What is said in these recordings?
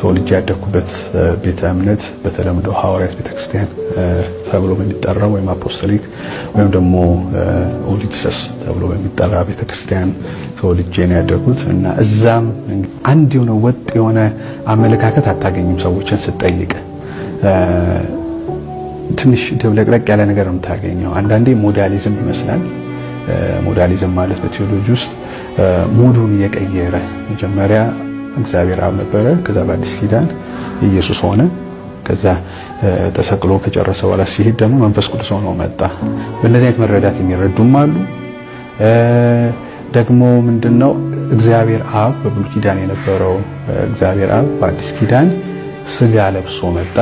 ተወልጄ ያደግኩበት ቤተ እምነት በተለምዶ ሐዋርያት ቤተክርስቲያን ተብሎ በሚጠራው ወይም አፖስቶሊክ ወይም ደግሞ ኦል ጂሰስ ተብሎ በሚጠራ ቤተክርስቲያን ተወልጄ ነው ያደግኩት እና እዛም አንድ የሆነ ወጥ የሆነ አመለካከት አታገኝም። ሰዎችን ስጠይቅ ትንሽ ደብለቅለቅ ያለ ነገር ነው የምታገኘው። አንዳንዴ ሞዳሊዝም ይመስላል። ሞዳሊዝም ማለት በቴዎሎጂ ውስጥ ሙዱን እየቀየረ መጀመሪያ እግዚአብሔር አብ ነበረ። ከዛ በአዲስ ኪዳን ኢየሱስ ሆነ። ከዛ ተሰቅሎ ከጨረሰ በኋላ ሲሄድ ደግሞ መንፈስ ቅዱስ ሆኖ መጣ። በእነዚህ አይነት መረዳት የሚረዱም አሉ። ደግሞ ምንድነው እግዚአብሔር አብ በብሉይ ኪዳን የነበረው እግዚአብሔር አብ በአዲስ ኪዳን ስጋ ለብሶ መጣ።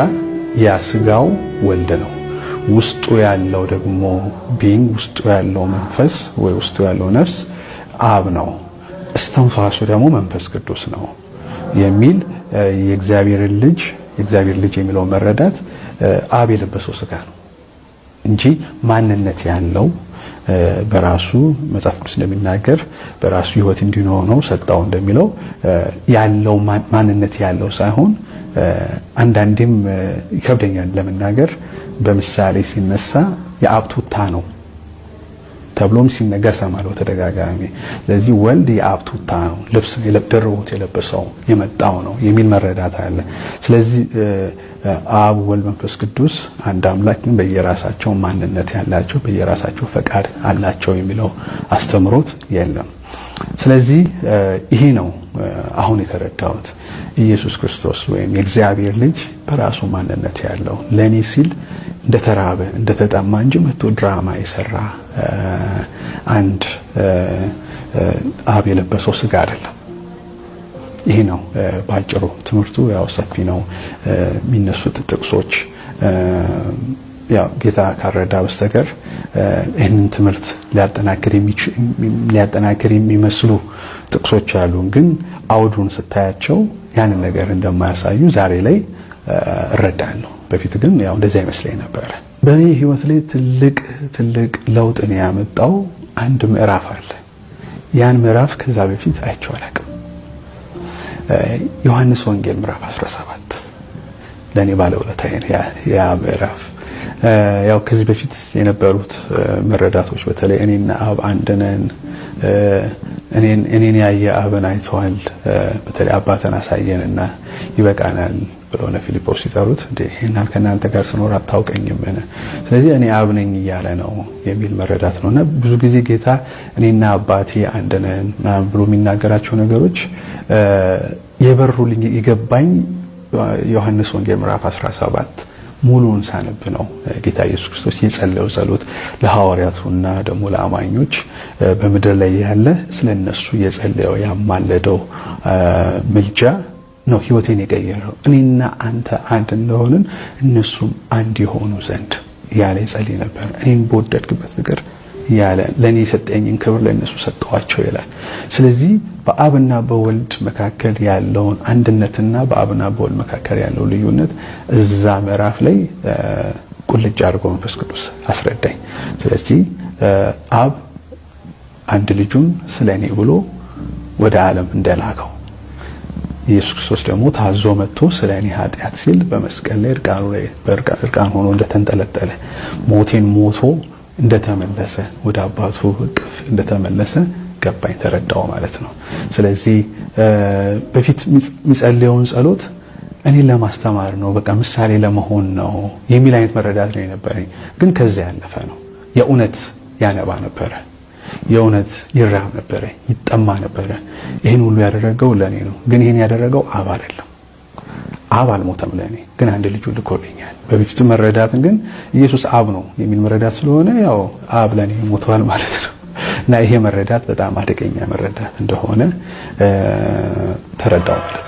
ያ ስጋው ወልድ ነው። ውስጡ ያለው ደግሞ ቢንግ ውስጡ ያለው መንፈስ ወይ ውስጡ ያለው ነፍስ አብ ነው። እስትንፋሱ ደግሞ መንፈስ ቅዱስ ነው የሚል የእግዚአብሔር ልጅ የእግዚአብሔር ልጅ የሚለው መረዳት አብ የለበሰው ስጋ ነው እንጂ ማንነት ያለው በራሱ መጽሐፍ ቅዱስ እንደሚናገር በራሱ እንዲኖር ነው ሰጣው እንደሚለው ያለው ማንነት ያለው ሳይሆን አንዳንዴም ይከብደኛል ለመናገር በምሳሌ ሲነሳ የአብ ቱታ ነው። ተብሎም ሲነገር ሰማለሁ ተደጋጋሚ። ስለዚህ ወንድ የአብ ቱታ ነው፣ ልብስ ደርቦት የለበሰው የመጣው ነው የሚል መረዳት አለ። ስለዚህ አብ ወልድ መንፈስ ቅዱስ አንድ አምላክ ግን በየራሳቸው ማንነት ያላቸው በየራሳቸው ፈቃድ አላቸው የሚለው አስተምሮት የለም። ስለዚህ ይሄ ነው አሁን የተረዳሁት ኢየሱስ ክርስቶስ ወይም የእግዚአብሔር ልጅ በራሱ ማንነት ያለው ለኔ ሲል እንደተራበ እንደተጠማ እንጂ መቶ ድራማ የሰራ አንድ አብ የለበሰው ስጋ አይደለም። ይሄ ነው ባጭሩ ትምህርቱ። ያው ሰፊ ነው የሚነሱት ጥቅሶች ያው ጌታ ካረዳ በስተቀር ይህንን ትምህርት ሊያጠናክር የሚመስሉ ጥቅሶች አሉ። ግን አውዱን ስታያቸው ያንን ነገር እንደማያሳዩ ዛሬ ላይ እረዳለሁ። በፊት ግን ያው እንደዚህ አይመስለኝ ነበረ። በእኔ ህይወት ላይ ትልቅ ትልቅ ለውጥን ያመጣው አንድ ምዕራፍ አለ። ያን ምዕራፍ ከዛ በፊት አይቼው አላቅም። ዮሐንስ ወንጌል ምዕራፍ 17 ለእኔ ባለውለታዬ ነው ያ ምዕራፍ። ያው ከዚህ በፊት የነበሩት መረዳቶች በተለይ እኔና አብ አንድ ነን፣ እኔን ያየ አብን አይተዋል፣ በተለይ አባትን አሳየንና ይበቃናል ብለሆነ ፊልጶስ ሲጠሩት ይህናል ከእናንተ ጋር ስኖር አታውቀኝም፣ ስለዚህ እኔ አብ ነኝ እያለ ነው የሚል መረዳት ነው። እና ብዙ ጊዜ ጌታ እኔና አባቴ አንድ ብሎ የሚናገራቸው ነገሮች የበሩልኝ የገባኝ ዮሐንስ ወንጌል ምዕራፍ 17 ሙሉን ሳነብ ነው ጌታ ኢየሱስ ክርስቶስ የጸለየው ጸሎት ለሐዋርያቱና ደግሞ ለአማኞች በምድር ላይ ያለ ስለነሱ የጸለየው ያማለደው ምልጃ ነው ህይወቴን የቀየረው። እኔና አንተ አንድ እንደሆንን እነሱም አንድ የሆኑ ዘንድ ያለ ይጸልይ ነበር። እኔን በወደድክበት ፍቅር ያለ ለእኔ የሰጠኝን ክብር ለእነሱ ሰጠዋቸው ይላል። ስለዚህ በአብና በወልድ መካከል ያለውን አንድነትና በአብና በወልድ መካከል ያለው ልዩነት እዛ ምዕራፍ ላይ ቁልጭ አድርጎ መንፈስ ቅዱስ አስረዳኝ። ስለዚህ አብ አንድ ልጁን ስለ እኔ ብሎ ወደ ዓለም እንደላከው ኢየሱስ ክርስቶስ ደግሞ ታዞ መጥቶ ስለ እኔ ኃጢአት ሲል በመስቀል ላይ እርቃን ሆኖ እንደተንጠለጠለ ሞቴን ሞቶ እንደተመለሰ ወደ አባቱ እቅፍ እንደተመለሰ ገባኝ፣ ተረዳው ማለት ነው። ስለዚህ በፊት የሚጸልየውን ጸሎት እኔ ለማስተማር ነው፣ በቃ ምሳሌ ለመሆን ነው የሚል አይነት መረዳት ነው የነበረኝ። ግን ከዚያ ያለፈ ነው የእውነት ያነባ ነበረ። የእውነት ይራብ ነበረ፣ ይጠማ ነበረ። ይህን ሁሉ ያደረገው ለእኔ ነው። ግን ይህን ያደረገው አብ አይደለም። አብ አልሞተም ለእኔ ግን አንድ ልጁ ልኮልኛል። በፊቱ መረዳትን ግን ኢየሱስ አብ ነው የሚል መረዳት ስለሆነ ያው አብ ለእኔ ሞተዋል ማለት ነው እና ይሄ መረዳት በጣም አደገኛ መረዳት እንደሆነ ተረዳው ማለት ነው።